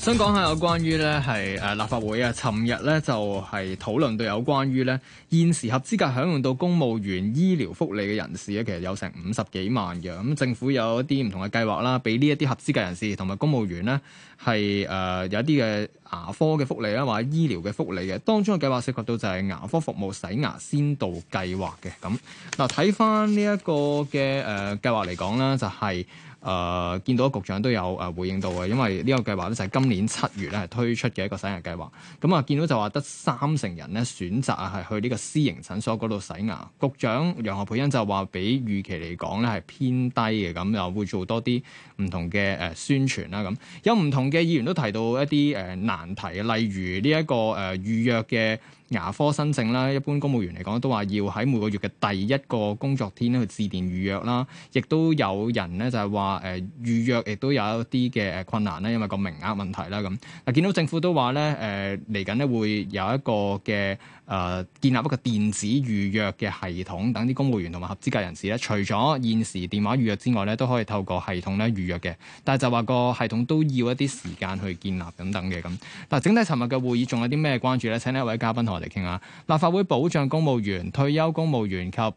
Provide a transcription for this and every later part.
想講下有關於咧係誒立法會啊，尋日咧就係討論到有關於咧現時合資格享用到公務員醫療福利嘅人士咧，其實有成五十幾萬嘅。咁政府有一啲唔同嘅計劃啦，俾呢一啲合資格人士同埋公務員咧係誒有一啲嘅牙科嘅福利啦，或者醫療嘅福利嘅。當中嘅計劃涉及到就係牙科服務洗牙先導計劃嘅。咁嗱，睇翻呢一個嘅誒、呃、計劃嚟講啦，就係，就係。誒、呃、見到局長都有誒回應到嘅，因為呢個計劃咧就係今年七月咧係推出嘅一個洗牙計劃。咁、嗯、啊，見到就話得三成人咧選擇啊係去呢個私營診所嗰度洗牙。局長楊何蓓茵就話比預期嚟講咧係偏低嘅，咁又會做多啲唔同嘅誒宣傳啦。咁有唔同嘅議員都提到一啲誒難題，例如呢一個誒預約嘅。牙科申請啦，一般公務員嚟講都話要喺每個月嘅第一個工作天咧去致電預約啦，亦都有人咧就係話誒預約亦都有一啲嘅誒困難啦，因為個名額問題啦咁。嗱，見到政府都話咧誒嚟緊咧會有一個嘅。誒、呃，建立一個電子預約嘅系統，等啲公務員同埋合資格人士咧，除咗現時電話預約之外咧，都可以透過系統咧預約嘅。但係就話個系統都要一啲時間去建立等等嘅咁。嗱，整體尋日嘅會議仲有啲咩關注咧？請呢一位嘉賓同我哋傾下。立法會保障公務員、退休公務員及合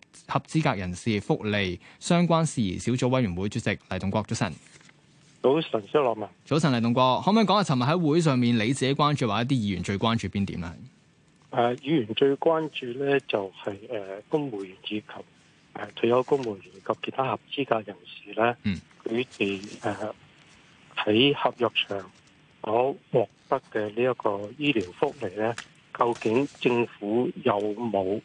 資格人士福利相關事宜小組委員會主席黎棟國，早晨。早晨，張樂文。早晨，黎棟國，可唔可以講下尋日喺會上面你自己關注或者一啲議員最關注邊點咧？誒、呃，議員最關注咧，就係誒公務員以及誒退休公務員及其他合資格人士咧，佢哋誒喺合約上所獲得嘅呢一個醫療福利咧，究竟政府有冇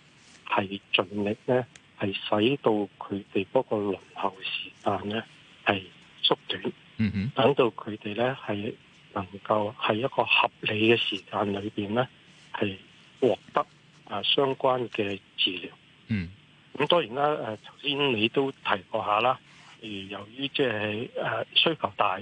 係盡力咧，係使到佢哋嗰個輪候時間咧係縮短，嗯哼，等到佢哋咧係能夠喺一個合理嘅時間裏邊咧係。獲得啊相關嘅治療，嗯，咁當然啦，誒，頭先你都提過下啦，而由於即係誒需求大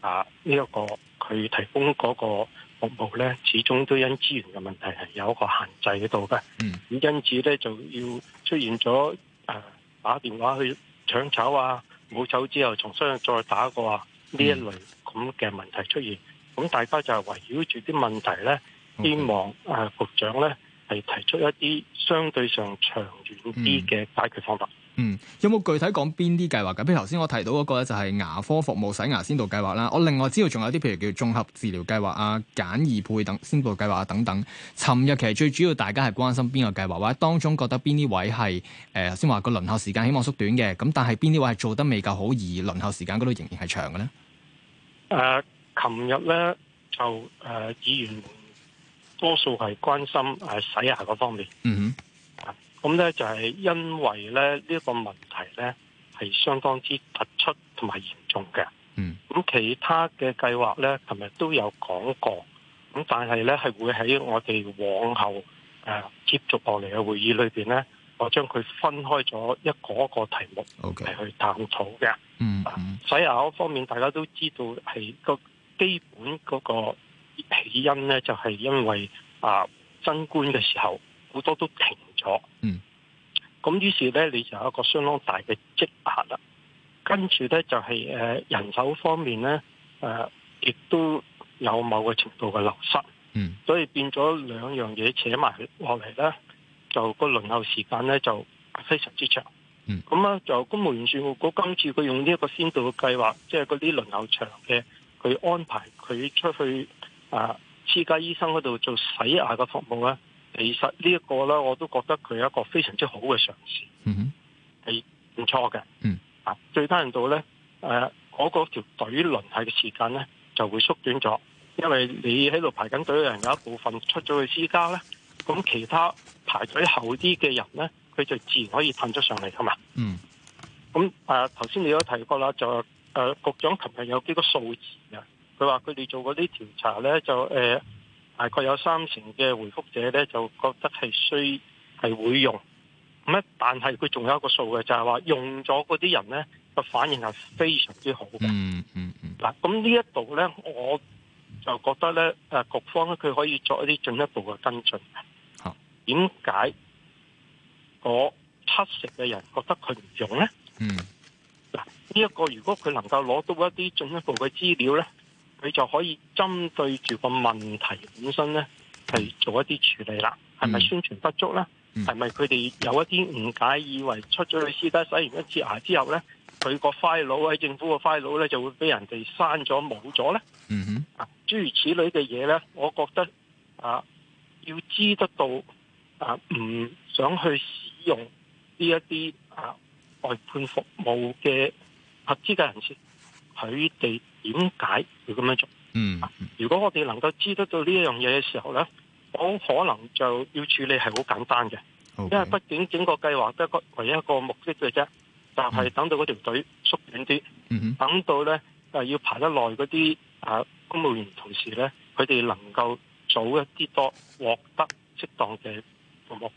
啊呢一個佢提供嗰個服務咧，始終都因資源嘅問題係有一個限制喺度嘅，嗯，咁因此咧就要出現咗誒打電話去搶籌啊，冇籌之後重新再打過啊呢一類咁嘅問題出現，咁大家就係圍繞住啲問題咧。希望誒、啊、局長咧，係提出一啲相對上長遠啲嘅解決方法。嗯，嗯有冇具體講邊啲計劃嘅？譬如頭先我提到嗰個咧就係牙科服務洗牙先導計劃啦。我另外知道仲有啲譬如叫綜合治療計劃啊、簡易配等先導計劃啊等等。尋日其實最主要大家係關心邊個計劃，或者當中覺得邊啲位係，誒頭先話個輪候時間希望縮短嘅。咁但係邊啲位係做得未夠好，而輪候時間嗰度仍然係長嘅咧？誒、啊，琴日咧就誒、呃、議員。多數係關心誒洗牙嗰方面，嗯、mm-hmm. 哼、啊，咁咧就係因為咧呢一、呢個問題咧係相當之突出同埋嚴重嘅，嗯，咁其他嘅計劃咧，琴日都有講過，咁但係咧係會喺我哋往後誒、啊、接觸落嚟嘅會議裏面咧，我將佢分開咗一個一個題目嚟去探討嘅，嗯、okay. mm-hmm. 啊，洗牙嗰方面大家都知道係個基本嗰、嗰個。原因咧就係、是、因為啊，增官嘅時候好多都停咗，嗯，咁於是咧你就有一個相當大嘅積壓啦。跟住咧就係、是、誒人手方面咧誒，亦、啊、都有某個程度嘅流失，嗯，所以變咗兩樣嘢扯埋落嚟咧，就個輪候時間咧就非常之長，嗯，咁、嗯、咧就公務員事務局今次佢用呢一個先導嘅計劃，即係嗰啲輪候長嘅佢安排佢出去。啊！私家醫生嗰度做洗牙嘅服務咧，其實呢一個咧，我都覺得佢係一個非常之好嘅嘗試，嗯、mm-hmm. 哼，係唔錯嘅，嗯啊，最低限到咧，誒、啊，我、嗰個條隊輪替嘅時間咧就會縮短咗，因為你喺度排緊隊嘅人有一部分出咗去私家咧，咁其他排隊後啲嘅人咧，佢就自然可以噴咗上嚟㗎嘛，嗯、mm-hmm. 啊，咁啊頭先你都提過啦，就誒、啊、局長琴日有幾個數字嘅。佢話佢哋做嗰啲調查咧，就誒、呃，大概有三成嘅回覆者咧，就覺得係需係會用咁咧。但係佢仲有一個數嘅，就係、是、話用咗嗰啲人咧個反應係非常之好嘅。嗯嗯嗯。嗱、嗯，咁呢一度咧，我就覺得咧，誒，局方咧，佢可以作一啲進一步嘅跟進。好、啊，點解嗰七成嘅人覺得佢唔用咧？嗯。嗱，呢一個如果佢能夠攞到一啲進一步嘅資料咧，佢就可以針對住個問題本身呢，係做一啲處理啦。係咪宣傳不足呢？係咪佢哋有一啲誤解，以為出咗去私所洗完一次牙之後呢，佢個 file 喺政府個 file 咧就會俾人哋刪咗冇咗呢？嗯、mm-hmm. 哼、啊，諸如此類嘅嘢呢，我覺得啊，要知得到啊，唔想去使用呢一啲啊外判服務嘅合資格人士，佢哋。點解要咁樣做？嗯，如果我哋能夠知得到呢樣嘢嘅時候咧，我可能就要處理係好簡單嘅，Okay. 因為畢竟整個計劃得唯一個目的嘅啫，但、就、係、是、等到嗰條隊縮短啲，嗯，等到咧誒要排得耐嗰啲啊公務員同事咧，佢哋能夠早一啲多獲得適當嘅服務。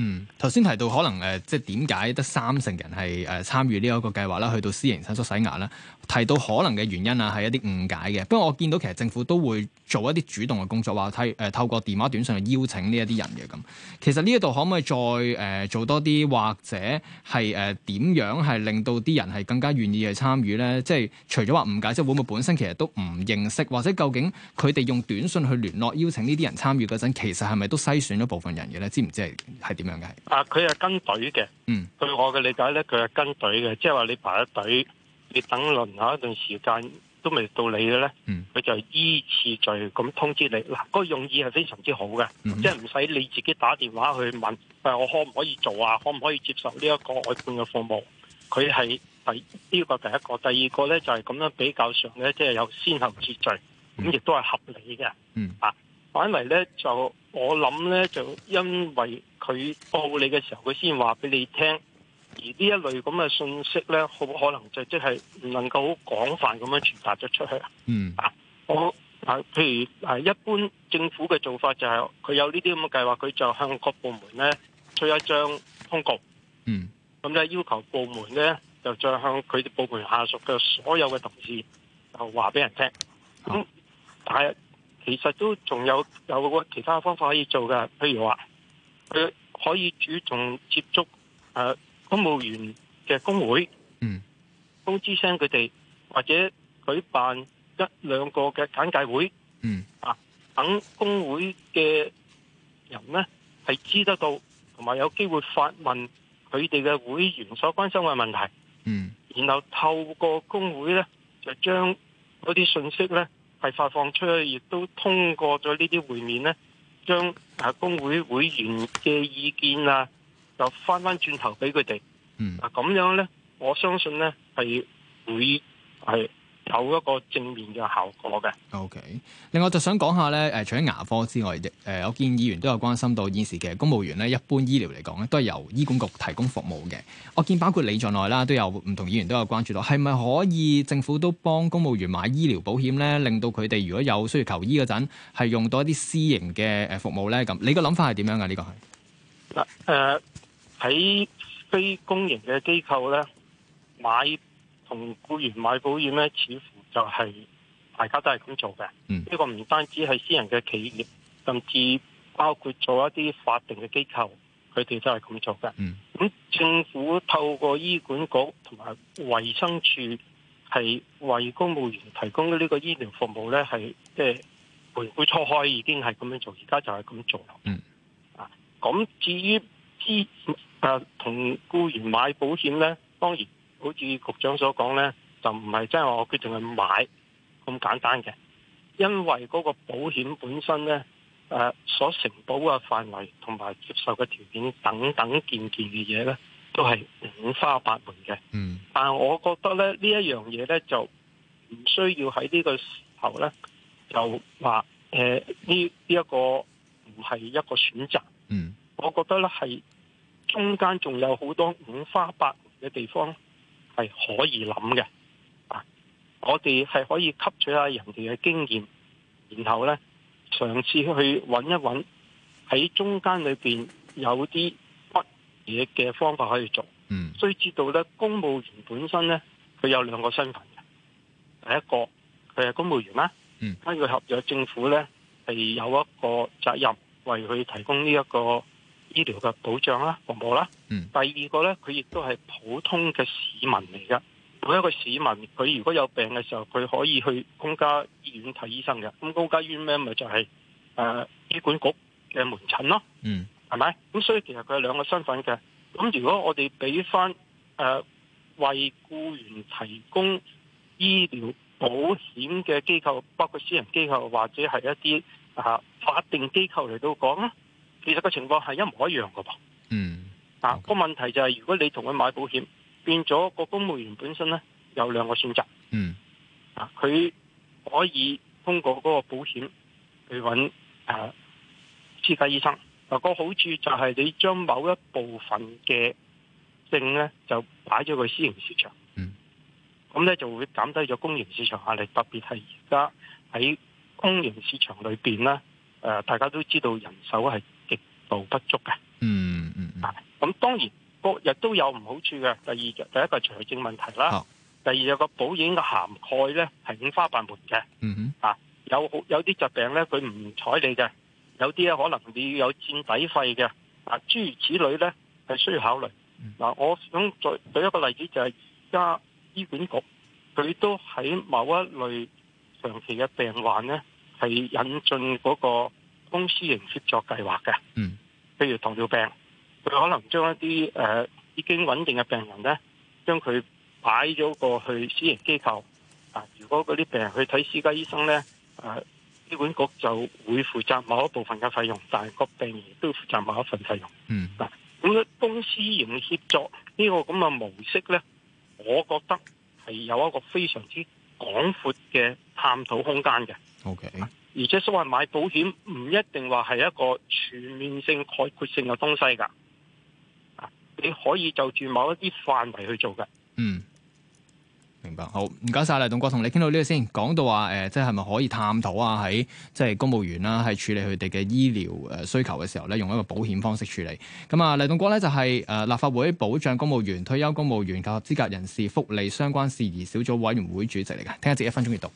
嗯，頭先提到可能誒、呃，即係點解得三成人係誒、呃、參與呢一個計劃啦，去到私營診所洗牙啦。呢提到可能嘅原因啊，係一啲誤解嘅。不過我見到其實政府都會做一啲主動嘅工作，話，睇誒透過電話短信去邀請呢一啲人嘅咁。其實呢一度可唔可以再誒、呃、做多啲，或者係誒點樣係令到啲人係更加願意去參與咧？即係除咗話誤解，即係會唔會本身其實都唔認識，或者究竟佢哋用短信去聯絡邀請呢啲人參與嗰陣，其實係咪都篩選咗部分人嘅咧？知唔知係係點樣嘅？係啊，佢係跟隊嘅。嗯，據我嘅理解咧，佢係跟隊嘅，即係話你排一隊。你等輪下一段時間都未到你嘅咧，佢、嗯、就依次序咁通知你。嗱、那，個用意係非常之好嘅，即係唔使你自己打電話去問，我可唔可以做啊？可唔可以接受呢一個外判嘅服務？佢係第呢、這個第一個，第二個咧就係、是、咁樣比較上咧，即、就、係、是、有先行秩序，咁亦都係合理嘅。嗯，啊、反而咧就我諗咧就因為佢報你嘅時候，佢先話俾你聽。而呢一類咁嘅信息呢，好可能就即係唔能夠好廣泛咁樣傳達咗出去。嗯，啊，我啊譬如一般政府嘅做法就係、是、佢有呢啲咁嘅計劃，佢就向各部門呢出一張通告。嗯，咁呢要求部門呢，就再向佢哋部門下屬嘅所有嘅同事就，就話俾人聽。咁、嗯、但係其實都仲有有個其他方法可以做嘅，譬如話佢可以主動接觸誒，啊公務員嘅工會，嗯，通知聲佢哋或者舉辦一兩個嘅簡介會，嗯啊，等工會嘅人呢係知得到，同埋有機會發問佢哋嘅會員所關心嘅問題，嗯，然後透過工會呢就將嗰啲信息呢係發放出去，亦都通過咗呢啲會面呢，將啊工會會員嘅意見啊。就翻翻轉頭俾佢哋，嗱、嗯、咁樣呢我相信呢係會係有一個正面嘅效果嘅。OK，另外就想講下呢，誒，除咗牙科之外，誒，我見議員都有關心到現時嘅公務員呢一般醫療嚟講呢都係由醫管局提供服務嘅。我見包括你在內啦，都有唔同議員都有關注到，係咪可以政府都幫公務員買醫療保險呢？令到佢哋如果有需要求醫嗰陣，係用到一啲私營嘅誒服務呢？咁你嘅諗法係點樣㗎？呢個係嗱誒。喺非公營嘅機構呢，買同僱員買保險咧，似乎就係，是，大家都係咁做嘅。呢，嗯這個唔單止係私人嘅企業，甚至包括做一啲法定嘅機構，佢哋都係咁做嘅。咁，嗯、政府透過醫管局同埋衞生署係為公務員提供呢個醫療服務呢係即係會會初開，已經係咁樣做，而家就係咁做，嗯。啊，咁至於資誒、啊，同僱員買保險呢，當然好似局長所講呢，就唔係真係我決定去買咁簡單嘅，因為嗰個保險本身呢，誒、啊，所承保嘅範圍同埋接受嘅條件等等，件件嘅嘢呢都係五花八門嘅。嗯，但係我覺得呢，這樣東西呢，一樣嘢呢就唔需要喺呢個時候呢就話誒，呢呢一個唔係一個選擇。嗯，我覺得呢係。是中間仲有好多五花八門嘅地方係可以諗嘅，啊！我哋係可以吸取下人哋嘅經驗，然後咧嘗試去揾一揾喺中間裏邊有啲乜嘢嘅方法可以做。嗯，需知道咧，公務員本身咧，佢有兩個身份嘅，第一個佢係公務員啦，嗯，跟佢合約，政府咧係有一個責任，為佢提供呢、這、一個。醫療嘅保障啦，服務啦。嗯。第二個呢，佢亦都係普通嘅市民嚟嘅。每一個市民，佢如果有病嘅時候，佢可以去公家醫院睇醫生嘅。咁公家醫院咩、就是，咪就係誒醫管局嘅門診咯。嗯，係咪？咁所以其實佢有兩個身份嘅。咁如果我哋俾翻誒為僱員提供醫療保險嘅機構，包括私人機構或者係一啲啊、呃、法定機構嚟到講咧，其實個情況係一模一樣噶噃，嗯，啊個問題就係如果你同佢買保險，變咗個公務員本身咧有兩個選擇，嗯，啊佢可以通過嗰個保險去揾誒私家醫生，啊個好處就係你將某一部分嘅證咧就擺咗去私營市場，嗯，咁咧就會減低咗公營市場壓力，特別係而家喺公營市場裏邊咧，誒大家都知道人手係。不足嘅，嗯嗯，咁、嗯、當然個亦都有唔好處嘅、啊。第二，第一個財政問題啦，第二有個保險嘅涵蓋咧係五花八門嘅，嗯哼，啊，有好有啲疾病咧佢唔睬你嘅，有啲咧可能你要有墊底費嘅，啊諸如此類咧係需要考慮。嗱、嗯，我想再舉一個例子，就係而家醫管局佢都喺某一類長期嘅病患咧係引進嗰、那個，公私營協作計劃嘅，嗯，譬如糖尿病，佢可能將一啲誒、呃、已經穩定嘅病人咧，將佢擺咗過去私營機構。嗱、呃，如果嗰啲病人去睇私家醫生咧，誒、呃，醫管局就會負責某一部分嘅費用，但係各病人亦都負責某一份費用。嗯，嗱、呃，咁嘅公私營協作呢個咁嘅模式咧，我覺得係有一個非常之廣闊嘅探討空間嘅。O K。而且所謂買保險唔一定話係一個全面性概括性嘅東西㗎，你可以就住某一啲範圍去做㗎。嗯，明白。好，唔該晒。黎棟國，同你傾到呢個先。講到話誒，即係係咪可以探討啊？喺即係公務員啦，係處理佢哋嘅醫療誒、呃、需求嘅時候咧，用一個保險方式處理。咁啊，黎棟國咧就係、是、誒、呃、立法會保障公務員退休公務員及合資格人士福利相關事宜小組委員會主席嚟嘅。聽日一節一分鐘閲讀。